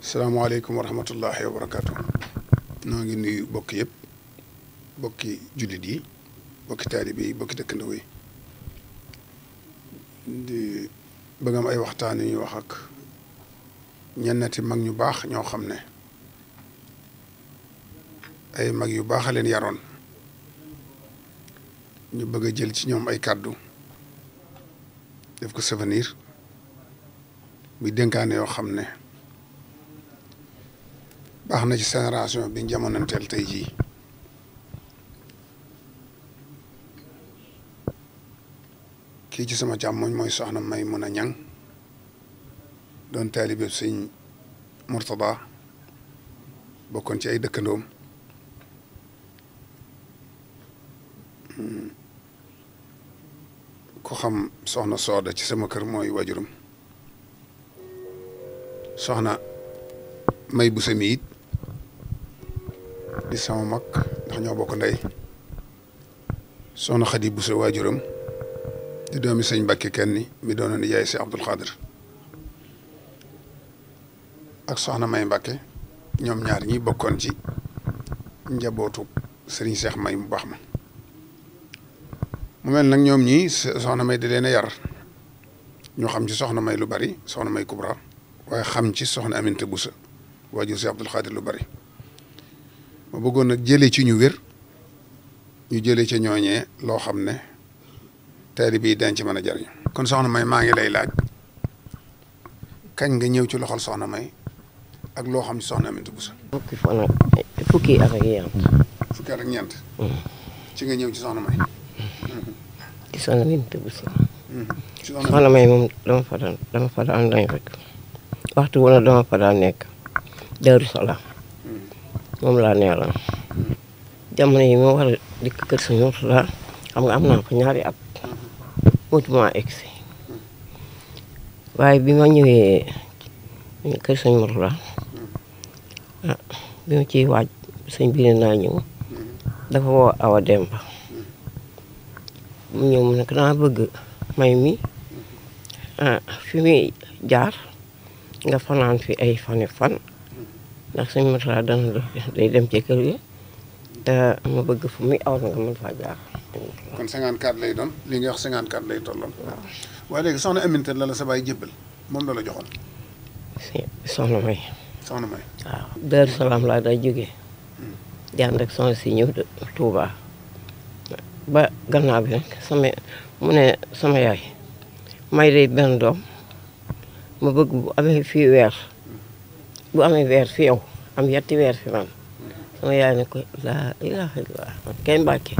salaamaaleykum wa rahmatullahi wa barakaatu. ngi nuyu bokk yëpp bokki jullit yi bokki taalibe yi bokki dëkkandoo yi di bëgg am ay waxtaan yu ñuy wax ak mag ñu baax ñoo xam ne ay mag yu baax a leen yaroon ñu bëgg a jël ci ñoom ay kàddu def ko souvenir muy dénkaane yoo xam ne. baax na ci génération bi jamonanteel tey jii kii ci sama càmmoñ mooy soxna may mun a ñan doon taalibe sëñ Murtada bokkoon ci ay dëkkandoom hmm. ku xam soxna sooda ci sama kër mooy wajurum soxna may bu sami di sama mag ndax ñoo bokk ndey soxna Xadi Buso waajuram di doomi sëñ Mbàkke kenn mi doon ni yaay si Abdul Xaadir ak soxna May Mbàkke ñoom ñaar ñi bokkoon ci njabootu sëriñ Seex May mu baax ma mu mel nag ñoom ñii soxna May di leen a yar ñoo xam ci soxna May lu bari soxna May Kubra waaye xam ci soxna Aminta Buso waajur si Abdul Xaadir lu bari ma bëggoon nag jële ci ñu wér ñu jëlee ca ñooñee loo xam ne te yi dañ ci mën a jariñu kon soxna May maa ngi lay laaj kañ nga ñëw ci loxol soxna May ak loo xam ci soxna Aminata Bousso. fukki fan ak fukki mm. ñëw ci soxna May. ci soxna mm. soxna May moom dama fa daan dama fa rek waxtu wala dama fa daan nekk Daaru Salaam. moom laa neeroon jamono yi ma war a dikk kër sëñ Murtala xam nga am naa ko ñaari at mutuma egsi waaye bi ma ñëwee kër sëñ Murtala ah bi ma ciy waaj sëñ bi ne naa ñëw dafa woo Awa Demba mu ñëw mu ne naa bëgg may mi ah, fi muy jaar nga fanaan fi ay fani fan ndax sëñ Moussa dana day dem ci kër yi te ma bëgg fu muy aw nga mën faa jaar. kon 54 lay doon li nga wax 54 lay tolloon. waaw waaye léegi soxna Aminta la la sa baay jébbal moom la la joxoon. soxna May. soxna May waaw. Daaru Salaam laa daa jógee. di hmm. ànd ak soxna si ñëw Touba. ba gannaaw bi nag sama mu ne sama yaay may day benn doom ma bëgg amee fii weer. bu amee weer fiyow am yetti weer fi man sama yaay ne ko laa ilaaha illallaah man kay mbàkke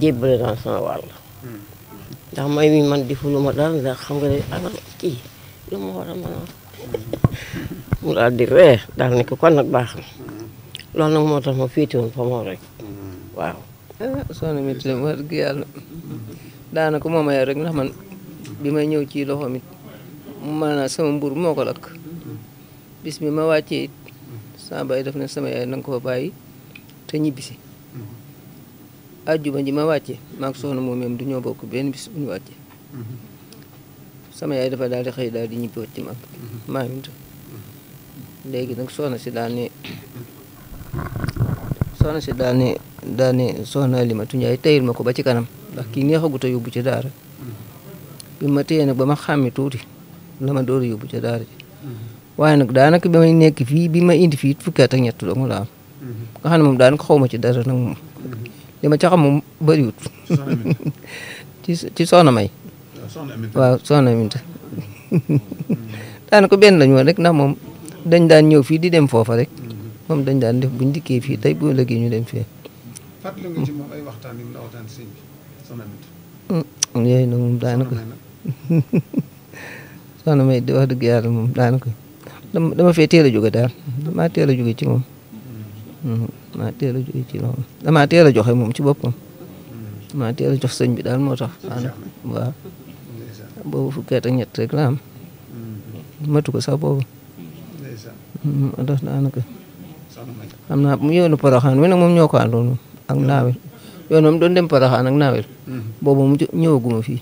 jébbale naa sama wàll ndax may mi man di fuluma dara ndax xam nga ne ana kii lu ma war a mën di ree daal ko kon nag baax loolu nag moo tax ma féete woon fa moom rek waaw soxna mit la wax dëgg yàlla daanaka mooma yow rek ndax man bi may ñëw ci loxoom it maanaam sama mbur moo ko lakk bis bi ma wàccee it sama baay daf ne sama yaay na nga ko fa te ñibbisi àjjuma mm-hmm. ji ma wàccee maag soxna moomeem du ñoo bokk benn bis bu ñu mm-hmm. sama yaay dafa daal di xëy daal di ñibbi wàcc mag mm-hmm. maaminta léegi nag soxna si daal ne soxna si daal ne daal ne soxna ma ko ba ci kanam ndax kii neexagut a yóbbu ci daara bi ma téye nag ba ma xàmmi tuuti la ma door a yóbbu ca daara waaye nag daanaka bi may nekk fii bi ma indi fii fukki at ak ñett dong laa am. Mhm. ne moom daanaka xaw ma ci dara nag moom. Mhm. li ca xam moom bëriwut. ci ci soxna May. Ah, waaw soxna Aminta mhm. daanaka benn lañu woon rek ndax moom dañ daan ñëw fii di dem foofa rek. dañ daan def buñ dikkee fii tey bu ëllëgee dem fee. fàttali nga ci moom mm, di wax dëgg yàlla moom daanaka. dama fee teel a jóge daal damaa teel a jóge ci moom mhm. damaa teel a jóge ci moom damaa teel a joxe moom ci boppam damaa teel a jox sëñ bi daal moo tax waaw boobu fukki at ak ñett rek la am matu ko sax boobu mhm, moo tax daanaka xam naa yoonu Poroxaan wi nag moom ñoo ko àndoon ak naawel yoon moom doon dem Poroxaan ak naawel boobu moom ñëwaguma fii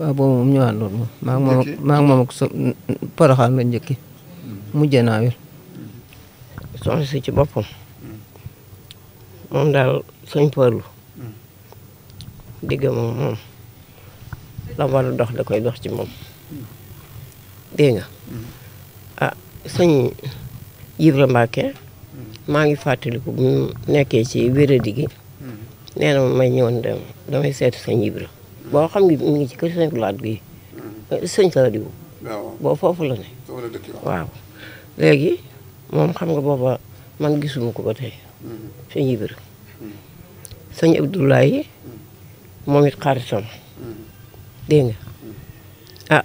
waaw boobu moom ñoo àndoon moom maa ngi moom ak Poroxaan la njëkki mujj naa wér soxna si ci boppam moom daal sëñ Fallou digg moom moom la war dox da koy dox ci moom dégg a ah sëñ Ibra Mbacke maa ngi fàttaliku bu nekkee ci wéradi gi nee na ma may ñëwoon dem damay seetu sëñ Ibra boo xam ngi mi ngi ci kër sëñ Laat gi mm. sëñ Sadio boo foofu la waaw léegi moom xam nga booba man gisuma ko ba tey mm-hmm. sëñ Ibra mm-hmm. sëñ Abdoulaye mm-hmm. moom it xaritam dégg nga ah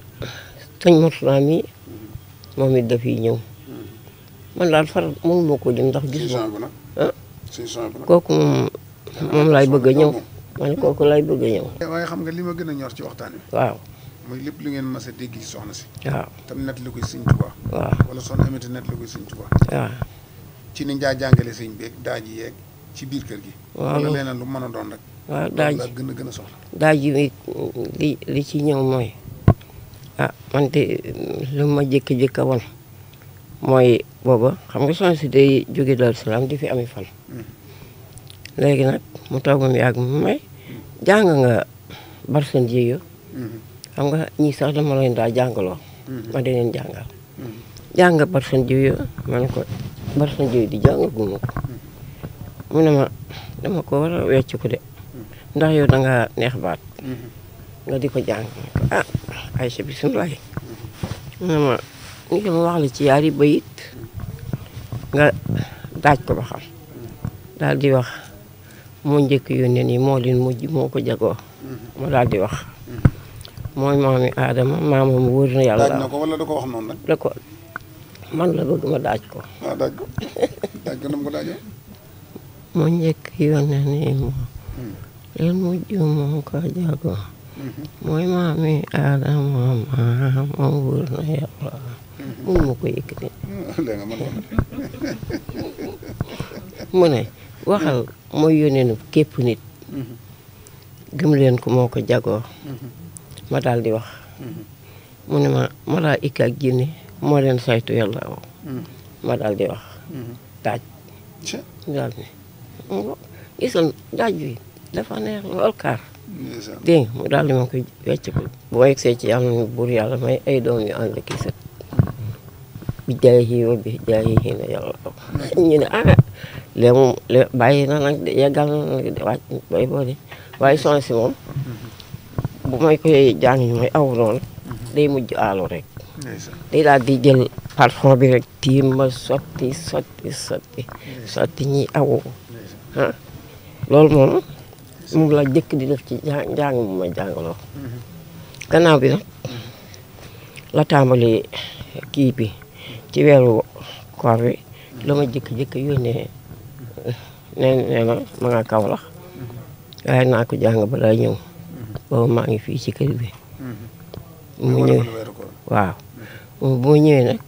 sëñ Mourtala mi moom yi dafiy ñëw man daal faral mënuma ko lim ndax gisuma ah kooku moom laay bëgg a ñëw man kooku laay bëgg a eh, waaye xam nga li ma gën a ñor ci waxtaan wi waaw mooy lépp lu ngeen mas a dégg ci soxna si. waaw tam net lu koy sëñ Tuubaa. waaw wala soxna amati net lu ci ni njaa jàngale sëñ béeg daa ji yeeg ci biir kër gi. waaw lu mën a doon rek. waaw daa ji gën a gën a soxla. daa ji li li ci ñëw mooy ah man de lu ma jékki-jékki woon mooy booba xam nga soxna si day jóge Daaru Salaam di fi ami fan. Hmm. léegi nag mu toog ba mu yàgg mu may jàng nga bar seen jéego. xam nga ñii sax dama leen daa jàngaloo. Mm-hmm. ma di leen jàngal. Mm-hmm. jàng barsan jiw yo ma ko barsan jiw di jàng bu mm-hmm. mu ne ma dama ko war a wecc ko de ndax yow da neex baat. nga di ko jàng ah Aïcha bisimilah. mu ne ma ni ma wax la ci yaari bayit nga daaj ko ba xam. daal di wax moo njëkk yónnee nii moo leen mujj moo ko jagoo. ma daal di wax. mooy maami Adama maamam wóor na yàlla. daaj na ko wala da wax noonu rek. da man la bëgg ma daaj ko. waaw ah, njëkk yónnee moom. Hmm. lan mu moom ko jago. Hmm. mooy maami Adama maamam wóor na yàlla. Hmm. mun ma ko yëkkati. Ah, dégg mu ne waxal mooy yónnee nu képp nit. gëm leen ko moo ko jagoo. ma daal di wax. Mm-hmm. mu ne ma malaayika ak jinne moo leen saytu yàlla woo. Mm-hmm. ma daal di wax. Mm-hmm. daaj. daal di ne gisal daaj bi dafa neex lool kaar. dégg mu daal di ma koy wecc ko bu ma yegsee ci yàlla ñu ay doom yu ànd kii sax bi jaay yi wa bi jaay yi ne yàlla ñu ne ah léegi moom bàyyi na nag yeggal na nag wàcc boo de waaye soxna si moom. bu may koy jàng ñu may aw noonu mhm. day mujj aalo rek day daal di jël parfum bi rek tiim ma sotti sotti sotti sotti ñi awu ah moom moom la jëkk di def ci jàng mu ma jàngaloo mhm. gannaaw bi nag mhm. la tàmbali kii bi ci weeru koor bi la ma jëkk-jëkk yónnee nee nee na ma nga kaw la naa ko jàng ba ñëw boobu oh, maa ngi fii ci kër bi mm-hmm. mu ñëw waaw. boo mm-hmm. ñëwee nag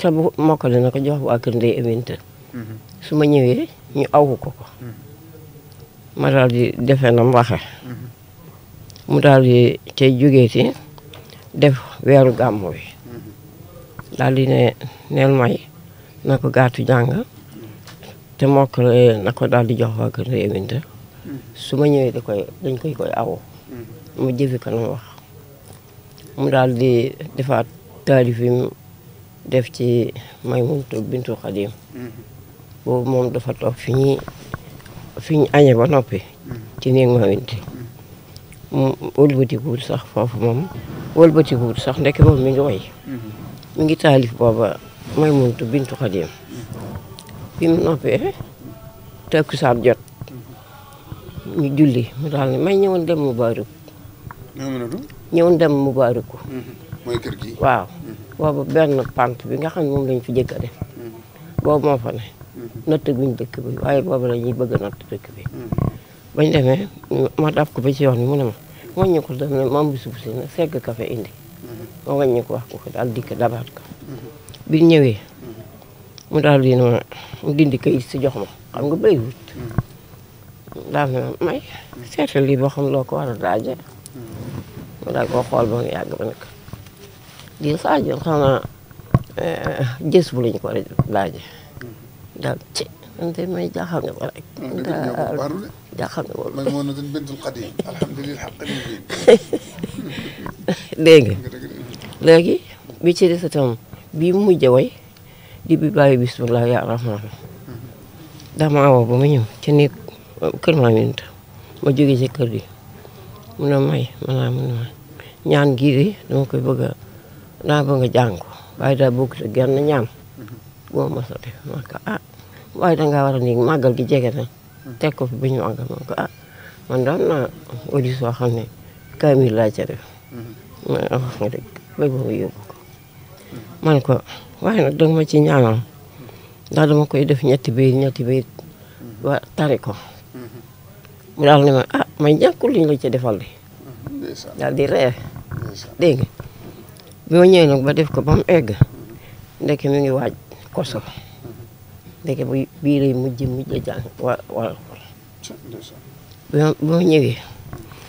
te bu mokkale na jox waa kër ndey mm-hmm. su ma ñëwee ñu aw ko ko. ma daal di defee na mu waxe mu daal di cay jógee ci def weeru gàmmu bi daal di neel may na ko gàttu jàng te mokkale na ko daal di jox waa kër ndey su ma ñëwee da koy dañ koy koy aw mu jëfe ko lam wax mu daal di defaat taalif yi def ci Maymunatu bintu Xadim boobu moom dafa toog fi ñuy ñu añe ba noppi mm-hmm. ci néeg Maawintu mu wëlbatikuwul sax foofu moom wëlbatikuwul sax ndeke moom mi ngi woy mm-hmm. mi ngi taalif booba Maymunatu bintu Xadim mm-hmm. bi mu noppee takkusaan jot ñu julli mu daal ne may ñëwoon dem mu baariku. ñëwoon dem mu baariku. Mm-hmm. waaw. Mm-hmm. boobu benn pant bi nga xam ne moom lañ fi jëkk a def. Mm-hmm. boobu moo fa ne. guñ dëkk bi waaye boobu la ñuy bëgg a dëkk bi. bañ demee ma daf ko ba ci yoon mu ne ma wàññi ko dem ne moom bi suuf si nag segg kafe indi. ma wàññi ko wax ko ko daal dikk dabaat ko. bi ñëwee. mu daal di ne ma dindi kayit si jox ma xam nga béy daal na may seetal lii boo loo ko war a daaje mu hmm. daal koo xool ba mu yàgg ba nag di saa jël xanaa eh, gis bu lañ ko war a daaje hmm. daal ci man may jaaxal ba rek daal jaaxal nga ba bi ci des itam bi mu mujj way di bi bàyyi bisimilah yaa rahmaan hmm. dama woo ba mu ñëw ci néeg kër maam Inta ma jóge ci kër gi mun a may maanaam mun a may ñaan gii de dama koy bëgg a naa bëgg a jàng ko waaye daa bokk te genn ko ah waaye dangaa war a néeg màggal gi jege na teg ko fi bu ñu màggal ko ah man daan xam ne kaamil laa ca def ma wax nga dëgg bay ci ñaanal ndax dama koy def ñetti bayit ñetti bayit ba ko mu daal ni ma ah may ñàkkul luñ la ci defal de. daal di ree dégg nga bi ma ñëwee ba def ko ba mu egg ndeke mi ngi waaj koso ndeke bu biir mu mujj mujj la jàng wa wala bi ma ñëwee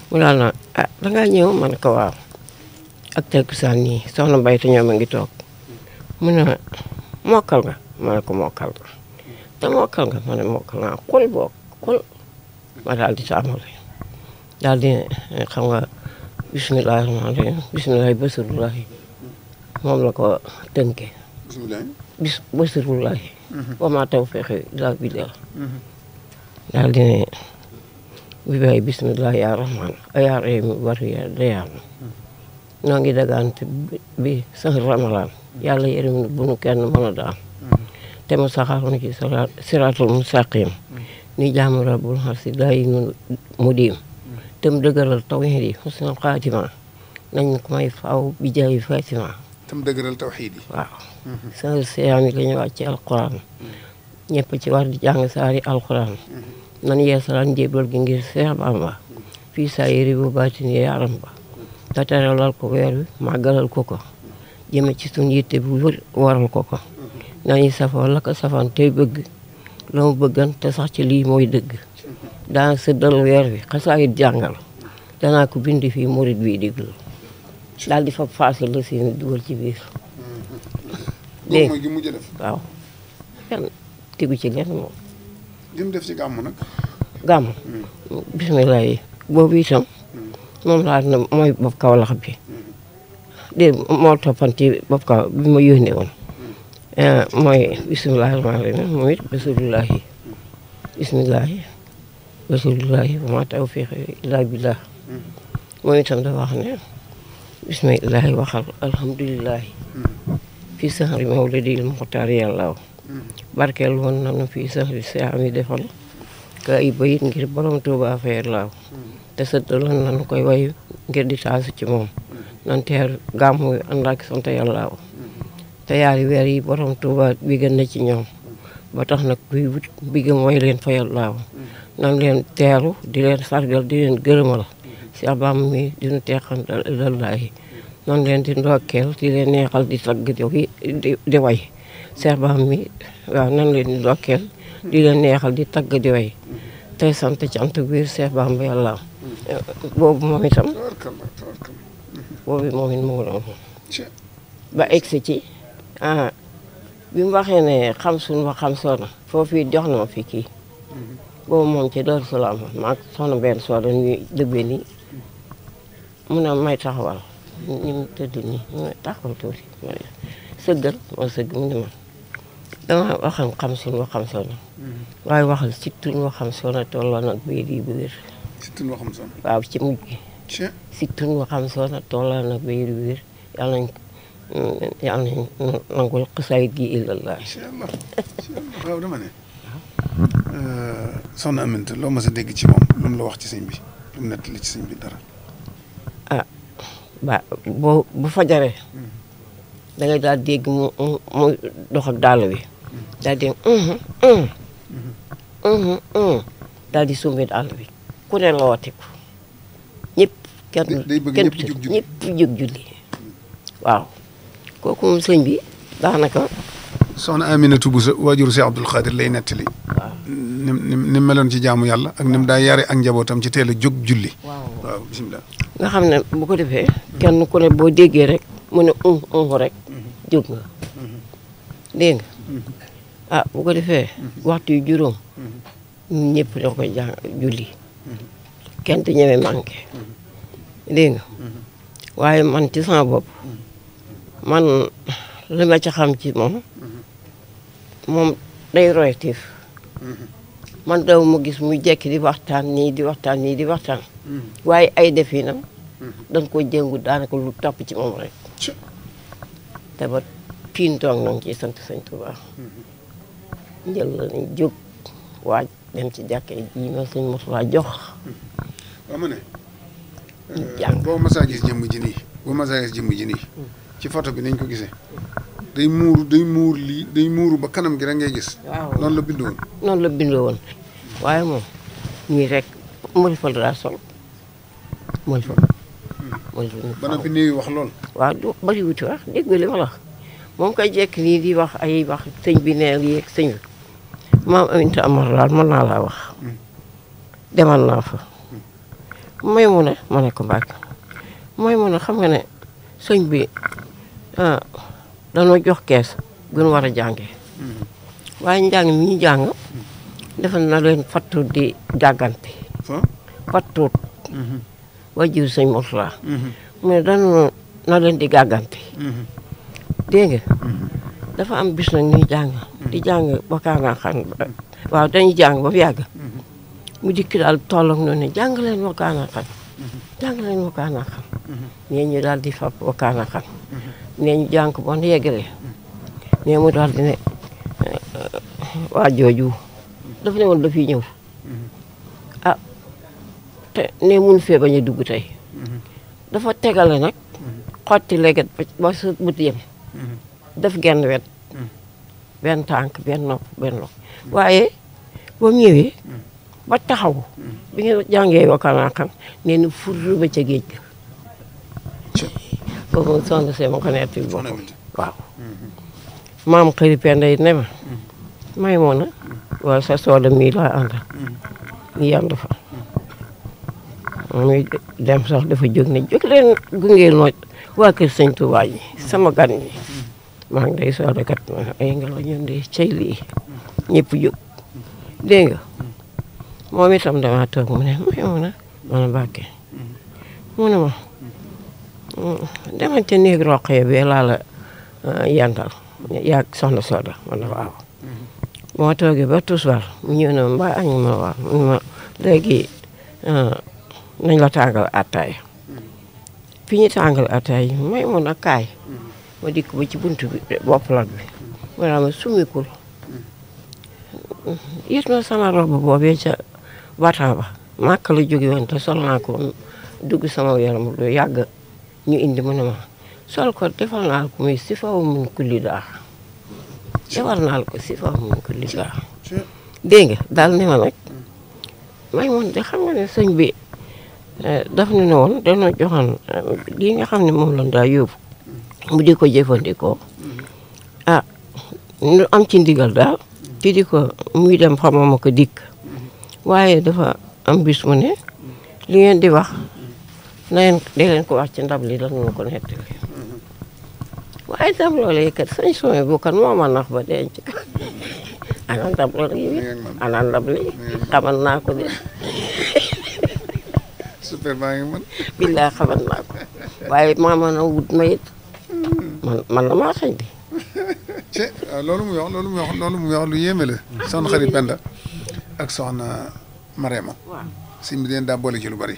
mu daal na ah da ngaa ñëw man ko waaw ak takkusaan nii soxna Mbaytu ñoom ma ngi toog mu ne mokkal nga ma ne ko mokkal nga te mokkal nga ma ne mokkal naa xol boog xol ma daal di daal di xam nga bisimilah rahmaani rahiim bisimilah moom la ko tënkee. bisimilah bis basirullah. wa maa tawfiiqi illaa billaah. daal di ne bibaay bisimilah yaa rahmaan yaa rahiim bari yaa dayaam noo ngi dagaante bi sax ramalaan yàlla yërëm nu kenn mën a daan. te mu saxaar ci siraatul mustaqiim ni jaamu rabbul xarsi daayimun mudiim tam dëgëral tawxiid yi xusnal xaatima nañ ko may faaw bi jaayi fatima tam dëgëral tawxiid yi waaw mhm. saar siyaam yi la ñu wàcc ci alquran mhm. ci war di jàng saari alquran mhm. nan yeesalaan njébal gi ngir Seex Bamba fii saa yëri bu baatin yaaram ba te teralal ko weer wi màggalal ko ko ci suñ yitte bu wër waral ko ko nañu safoo la ko safan tey bëgg la mu bëggan te sax ci lii mooy dëgg daa sëddal weer wi xasaayit jàngal danaa ko bind fii murit bii déglu daal di fa faase la seeni dugal ci biir dégg waaw kenn tegu ci lenn moom li def ci gàmm nag gàmm hmm. bisimilah yi boobu itam hmm. moom laa mooy bopp kaw lax bi dé moo toppanti bopp kaw bi ma yónnee woon Eh, mooy bisimilah rahmaani rahiim moom it bisimilahi bisimilahi bisimilahi wa maa tawfiiqi illaa billah moom itam dafa wax ne bisimilahi waxal alhamdulilahi fii sahri mawlidil muxtaar yàllaaw barkeel woon nanu fii sahri saami defal ka ay bayit ngir borom Tuuba fayal laaw te sëddaloon nanu koy wayu ngir di taasu ci moom nan teer gàmmu ànd ak yàllaaw te yaari weer yi borom Touba bigën na ci ñoom ba tax nag kuy wut bigë mooy leen fayal laaw nan leen teeru di leen sargal di leen gërëmal si abam mi dinu teexan lallaayi nan leen di ndokkeel di leen neexal di sagg di di way Cheikh Bam mi waaw nan leen di ndokkeel di leen neexal di tagg di way tey sant cant biir Cheikh Bam bi yàlla boobu moom itam boobu moom it mu ngi ba egsi ah bi mu waxee ne xam suñu ba xam soxna foofu it jox na ma fi kii boobu moom ci Daaru Salaam maa ngi soxna benn soxna ñuy dëggee nii mu ne may taxawal ñu mu tëdd nii mu ne taxawal tuuti ma sëgg mu ne ma dama waxal xam suñu ba xam soxna waaye waxal ci tuñu ba xam soxna tolloo nag biir yi bu wér ci mujj gi si tuñu ba xam soxna tolloo nag yàlla nañ nangul xasaayit gi illallah. incha soxna Aminta loo mës a dégg ci moom lu mu la wax ci sëñ bi lu mu nettali ci sëñ bi dara. boo bu fajaree. da daal dégg mu dox ak dàll bi. daal di daal di sumbi dàll bi ku ne lootiku ñëpp kenn kenn ñëpp jóg julli waaw kooku moom sëñ bi daanaka. soxna Aminatu Bousso waajur si Abdul Xaadir lay nettali. waaw meloon ci jaamu yàlla ak ni daa yare ak njabootam ci teel a jóg julli. waaw bisimilah. nga xam ne bu ko defee. kenn ku ne boo déggee rek mu ne un um, un um rek. Mhm. jóg nga. Mhm. dégg nga. Mhm. ah bu ko defee. waxtu yu juróom. ñun ñëpp julli. kenn du ñeme manqué. dégg waaye man ci sama bopp. man li ma ci xam ci moom moom day royatif man daw ma gis muy jekki di waxtaan nii di waxtaan nii di waxtaan waaye ay definam da nga ko jéngu daanaka lu topp ci moom rek te ba fii toog nañ ciy sant sëñ Tuubaa njël la ni jóg waaj dem ci jàkkee ji ma sëñ mosuwaa jox waaw ma ne masaa gis ji nii ji nii ci photo bi nañ ko gisee day muuru day muur muuru ba kanam gi rek ngay gis. waaw noonu la bindoo woon. noonu la bindoo woon waaye moom ñii rek mëlifal hmm. wax lool. waaw li ma la jekk nii wax ay wax bi nee lii ak daal mën naa laa wax. Hmm. demal naa fa. Hmm. may mu ne ma ne ko mu ne xam nga ne sëñ bi. ah jox kees gën war a jàngee mm-hmm. waaye njàng mi ñu jàng defal na leen fattuut di jàggante fattuut mm-hmm. waa jiw sëñ Murtala mm-hmm. mais danu na leen di gàggante dégg dafa am bis nag ñuy jàng di jàng bakaanaa xan waaw dañuy jàng ba mu yàgg mu dikk daal tolloog noonu ne jàng leen wakaanaa xan jàng leen wakaanaa xan ñee ñu daal di fab wakaanaa xan nee ñu jàng ko bon yeggale nee mu daal di eh, waa jooju dafa ne woon dafiy ñëw ah nee mun fee bañ a dugg tey dafa tegale nag xotti leget ba sa bët yem def genn wet ben tànk benn nopp benn loxo waaye ba mu ñëwee ba taxaw bi ngeen jàngee wakkanaa xam nee na ba ca géej ga foofu soxna see ma ko nettali boppam waaw mm-hmm. maam xëy penda yi ne ma mm-hmm. may moon a wala sa sooda mii laa àndal mm-hmm. ñu yànd fa muy dem sax dafa jóg ne jóg leen gungeel ma waa kër sëñ Tuubaa yi sama gan ñi maa ngi day sooda kat ay nga la ñun de cey lii ñëpp jóg dégg nga moom itam dama toog mu ne may moon a man a demal ca néeg roq ya bee laa la euh, yantal yaag Soda ma ne waaw. Mm-hmm. moo toogee ba tusbaar mu ñëw ne mbaa léegi euh, nañ la tàngal attaay mm-hmm. fi ñu tàngal attaay may mun a kaay mm-hmm. ma dikk ba ci buntu bi bopp lal bi wala ma sumikul yit ma sama rob boobee ca batan ba màkk la jóge woon te sol naa ko dugg sama yaram lu ñu indi mu ne ma sol ko defal naa ko muy si mun kulli daa defal naa ko si faw mun kulli daa dégg nga daal ne ma nag may moon de xam nga ne sëñ bi eh, daf ne woon dana joxoon eh, lii nga xam ne moom lañ daa yóbbu mu di ko jëfandikoo ah am ci ndigal daal ci di ko muy dem xamama ko dikk waaye dafa am bis mu li ngeen di wax na leen de leen ko wax ci ndab li lan moo ko nettali waaye ndab loolee kat sañ soome bu kan moo ma nax ba denc ana ndab loolee ana ndab li xamal naa ko de super maa ngi mën billaa xamal naa ko waaye maa mën a wut ma it man man la maa ce ah, loolu mu yox loolu mu yox loolu mu yox lu yéeme la soxna ak soxna Marema si mi leen daa boole ci lu bari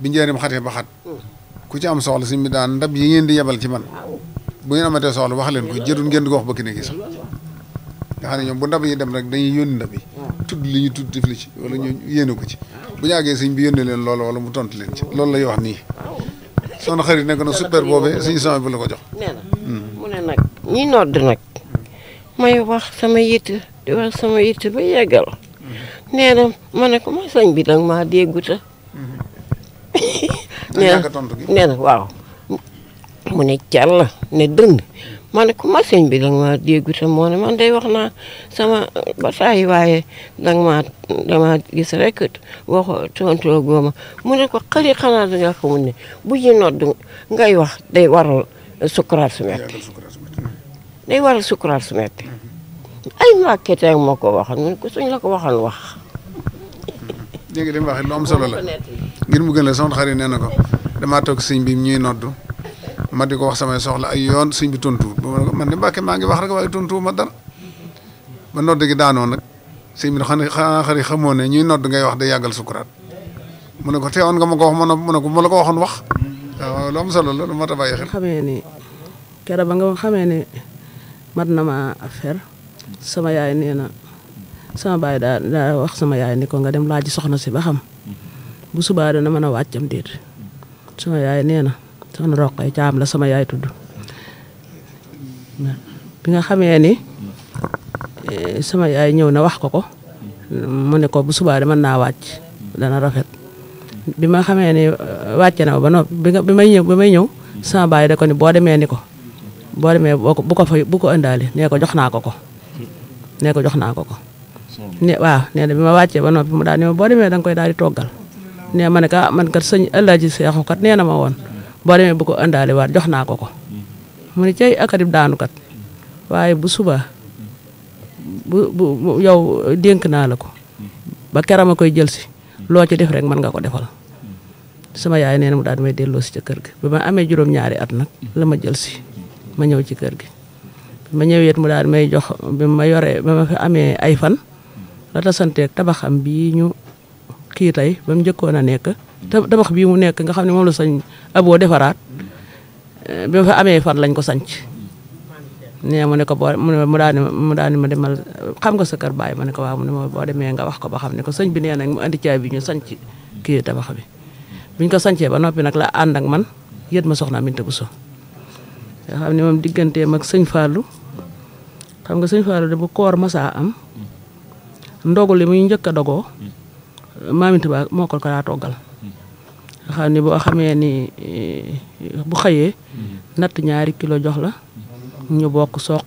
bi njëriñ xatee ba xat ku ci am soxla suñ bi daan ndab yi ngeen di yebal ci man bu ngeen amatee soxla wax leen ko jërul ngeen di ko wax bëkk néegi sax nga xam ne ñoom bu ndab yi dem rek dañuy yónni ndab yi tudd li ñu tudd def li ci wala ñu yéene ci bu ñu àggee suñ bi yónni leen loolu wala mu tontu leen ci loolu lay wax nii son xarit nekk na super boobee suñu sama bi la ko jox nee na mu ne nag ñi nodd nag may wax sama yitt di wax sama yitt mm-hmm. ma ne ko sañ bi danga maa dégguta nee na nee na waaw. mu ne càll ne dënd ma ne ko ma sëñ bi danga maa déggu te moo ne man day wax na sama ba saay waaye danga maa dama gis rek waxo tontoo gooma mu ne ko xëri xanaa danga xamul ne bu ñu nodd ngay wax day waral sukuraat su metti day waral sukuraat su metti mm-hmm. ay mbàkkeetaay moo ko waxoon mu ne ko la ko waxoon wax léegi li mu wax lu solo la ngir mu gën la sama xarit nee na ko damaa toog sëñ bi ñuy noddu ma di ko wax samay soxla ay yoon sëñ bi tontu man de Mbàkke maa ngi wax rek waaye tontu ma dara ba nodd gi daanoo nag sëñ bi xam ne xarit xamoo ne ñuy nodd ngay wax day yàggal sukuraat mu ne ko teewoon nga ma ko wax mu ne ko ma la waxoon wax waaw lu solo la lu mat a bàyyi xel. xamee ni keroog ba nga xamee ni mat na ma affaire sama yaay nee na. sama baay daa wax sama yaay ni ko nga dem laaj soxna si ba xam bu subaa dana mën a wàccam déet sama yaay nee na soxna roqee caam la sama yaay tudd bi nga xamee ni eh, sama yaay ñëw na wax ko ko mu ne ko bu subaa de mën naa wàcc dana rafet bi ma xamee ni eh, wàcce na ba noppi bi may ñëw bi may ñëw sama baay da ko ni boo demee ni ko boo demee bu ko fa bu ko ëndaale nee ko jox naa ko ko nee ko jox naa ko ko ne waaw nee bi ma wàccee ba noppi mu daal ne ma boo demee nga koy daal toggal nee ma ne ka ah, man kat sëñ kat nee na ma woon boo demee bu ko indaale waat jox naa ko ko mu ne cay akarib daanu kat waaye bu suba yow dénk naa la ko ba keram a koy jël si loo ci def rek mën nga ko defal sama yaay nee na mu daal di may delloo si ca kër gi ba ma amee juróom-ñaari at nag la ma jël si ma ñëw ci kër gi ma ñëw mu daal di may jox ma yore ba ma fi amee ay fan la tasanteeg tabaxam bii ñu kii tey ba mu a nekk. tabax bii mu nekk nga xam ne moom la sañ aboo defaraat eh, bi ma fa amee fan lañ ko sanc ne mu ne ko boo mu daal mu daal ma demal xam nga sa kër baay ma ne ko waaw mu ne ma boo demee nga wax ko ba xam ne ko sëñ bi nee nag mu andi caay bi ñu sanc kii tabax bi. biñ ko sancee ba noppi nag la ànd ak man yéen ma soxna Aminta Bousso nga xam ne moom digganteem ak sëñ Fallou xam nga sëñ Fallou de bu koor masaa am ndogu li muy njëkk a dogoo maamintu ba moo ko daa toggal xam ni boo xamee ni eh, bu xëyee natt ñaari kilo jox la ñu bokk soq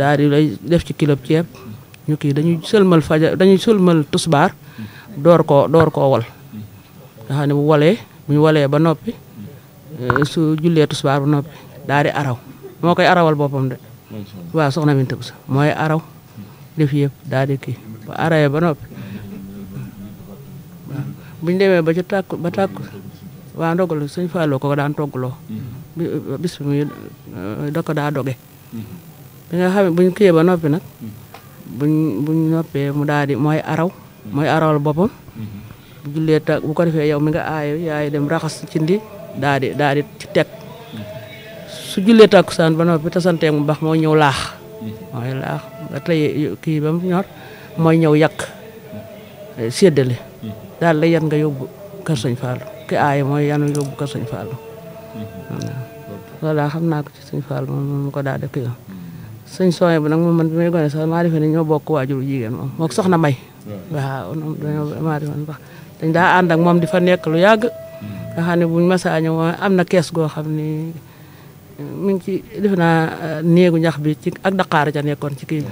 daal di def ci kilo ceeb ñu kii dañuy sëlmal fajar dañuy sëlmal tusbaar door koo door koo wal nga xam ne bu walee bu ñu ba noppi eh, su jullee tusbaar ba noppi daal di araw moo koy arawal boppam de waaw soxna Aminta Bousso mooy araw def yëpp daal ba arrêté ba noppi waaw bu ñu ba takk ba tàkku waa ndogalu sëñ Fallou ko daan toggloo mm-hmm. bis bi muy euh, ko daa doge mm-hmm. xam buñ kiyee ba noppi nag mm-hmm. buñ buñ noppee mu daal mooy araw mooy arawal boppam bu jullee tàkk bu ko defee yow mi nga aayo yaay dem raxas ci ndi daal di daal di ci teg su jullee ba noppi te santee mu baax moo ñëw laax mooy laax atay kii ba mu ñor mooy ñëw yàq eh, séddale hmm. daal la yan nga yóbbu kër sëñ ki aay mooy yanu yóbbu kër sëñ Fallou voilà hmm. hmm. xam naa ko ci sëñ moom mu ko daal di sooy bi nag man bi may gone sax maa defe ne ñoo bokk waajur jigéen moom moog soxna May daa ànd ak moom di fa nekk lu yàgg nga xam masaa ñëw am na kees goo xam ni mu ngi ci defe naa euh, néegu ñax bi ci ak daqaar ca nekkoon ci kii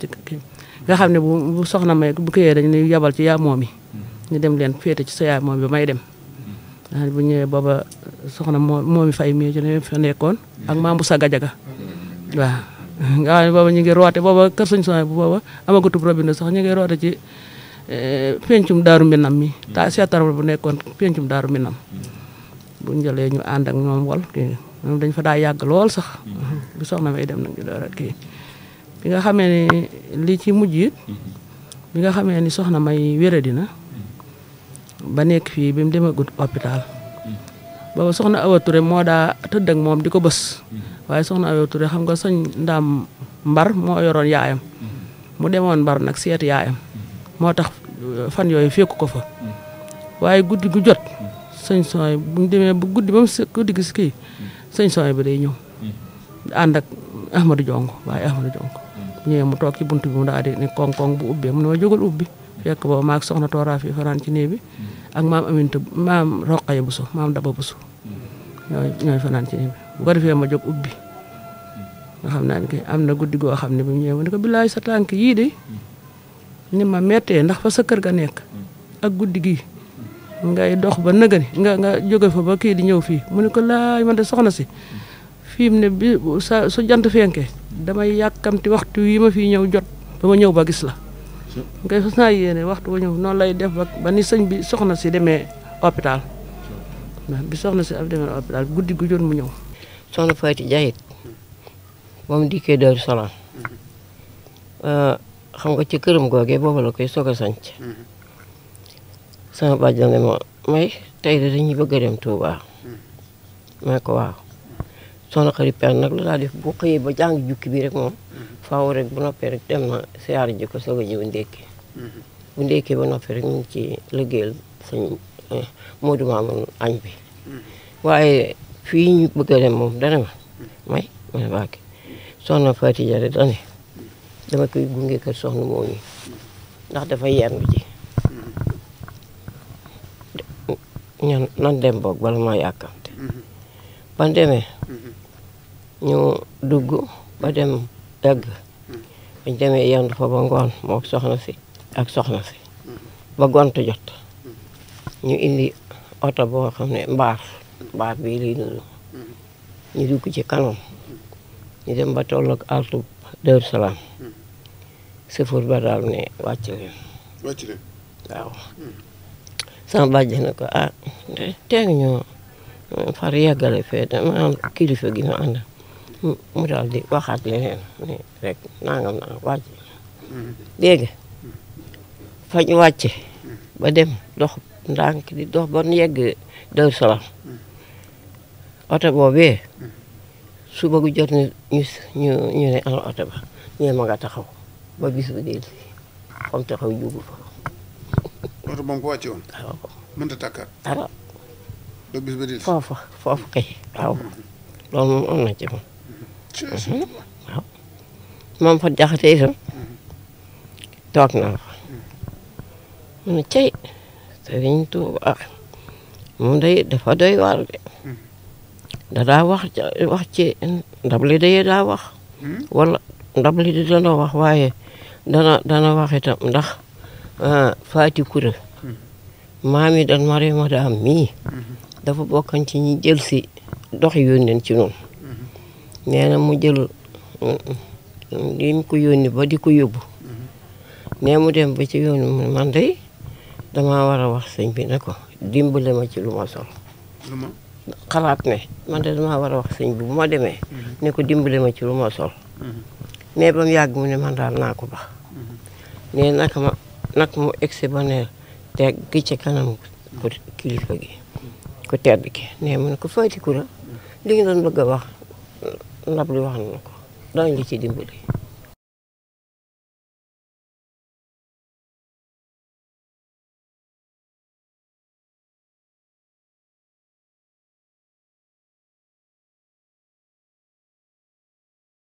ci xam ne bu bu soxna may bu këyee dañu ne yabal ci yaa moom yi ñu dem leen féete ci sa yaa moom bi may dem bu ñëwee booba soxna moo moomi fay mii ci ne fa nekkoon ak maam bu sa gajaga waaw nga xam ne booba ñu ngi roote booba kër suñ soxna bu booba amagutub robinet sax ñu ngi roote ci euh, pencum daaru minam mi ta seetar bu nekkoon pencum daaru minam bu njëlee ñu ànd ak ñoom wal kii moom dañ fa daa yàgg lool sax mm-hmm. bi soxna may dem nag di door a kii bi nga xamee ne li ci mujj it mm-hmm. bi nga xamee ni soxna may wéradi na mm-hmm. ba nekk fii bi mu demagut hôpital soxna Awa Touré moo daa tëdd moom di ko bës waaye soxna Awa xam nga sëñ ndaam mbar moo yoroon yaayam mu demoon mbar nag seet yaayam moo tax euh, fan yooyu fekku ko fa waaye guddi gu jot sëñ sooy bu demee bu guddi ba guddi gis kii sëñ sooy bi day ñëw ànd ak Jongo waaye Ahmadou Jongo bu mm. mu toog ci bunt bi mu daal di ne koŋ koŋ bu ubbee mu ne ma ubbi mm. fekk boobu maag soxna Toora fi fanaan ci néeg bi mm. ak maam Aminta maam Roqaya Buso maam Daba Buso ñooy ñooy ci néeg bi bu ko defee ma jóg ubbi nga xam naa am na guddi goo xam ne bu ñëwee ma ne ko billaay sa tànk yii de ni ma mettee ndax fa sa kër ga nekk ak guddi gii ngay dox ba nëgëni nga nga jóge fa ba kii di ñëw fii mu ne ko laay man de soxna si fii mu ne bi sa su jant fenkee damay yàkkamti waxtu wi fi fii ñëw jot dama ma ñëw ba gis la ngay fas naa yéene waxtu ba ñëw noonu lay def ba ni sëñ bi soxna si demee hôpital bi soxna si ab demee hôpital guddi gu mu ñëw soxna Faati Jaay moom dikkee Daaru Salaam mm-hmm. euh, xam nga ci këram googee boobu la koy soog sama bàjjan ne ma may tey de dañuy bëgg a dem Touba hmm. ma ko waaw soxna xarit Penda nag la laa def bu ba jàng jukki bi rek moom hmm. faaw rek bu noppee rek dem na siyaar ji ko soog a ji hmm. bu ndékki bu ndékki rek ñu ngi ci liggéeyal sëñ eh, Modou Mamoun añ bi waaye fii ñu bëgg a dem moom dana ma may ma ne baaki soxna Fatou Diarra dane dama koy gunge kër soxna moo ñi ndax dafa yenn ji ñun nan dem boog bala maa yàkkamte mm-hmm. ban demee mm-hmm. ñu dugg ba dem egg mm-hmm. bañ demee yendu fa ba ngoon mook soxna si ak soxna si ba jot ñu indi oto boo xam ne mbaar mbaar bii lay nuru ñu dugg ci kanam ñu dem ba toll ak altu Daaru Salaam sëfur ba sama bàjj na ko ah teg ñu euh, far yeggale fee maanaam kilifa gi ñu ànd mu daal di waxaat leneen ni rek nangam nangam wàcc dégg fa ñu wàcce ba dem dox ndànk di dox ba nu yegg Daaru Salaam oto boobee suba gu jot ñu ñu ñu ne ana oto ba ñee ma taxaw ba bis bu dee si comme taxaw jugu oto moom ko wàcce woon. Ah, waaw a tàkkaat. dara. doo bis ba di. foofu foofu kay waaw. Mm-hmm. loolu moom na ci moom. Mm-hmm. Mm-hmm. waaw. fa jaxate itam. toog na fa. mu ne cey sëriñ Tuuba moom day dafa doy waar de. da daa wax wax ci ndab li day daa wax. wala ndab li dana wax waaye dana dana wax itam ndax. Ah, Faati Koura mm-hmm. maami dan Mariama Daam mii mm-hmm. dafa bokkan ci ñi jël si dox yónneen ci noonu mm-hmm. nee mu jël li mu ko yónni ba di ko yóbbu nee mu dem ba ci yoon man day damaa war a wax sëñ bi ne ko dimbale ma ci lu ma sol xalaat ne man de damaa war a wax sëñ bi bu ma demee ne ko ma ci lu ma sol ba mu yàgg mu ne man naa ko ba nee naka ma nag mu egsi ba ne teg gi ci kanam ku kilifa gi ku tedd ki ne mu ne ku fatiku la li ñu doon bëgg a wax ndab li wax na ko daañu li ci dimbali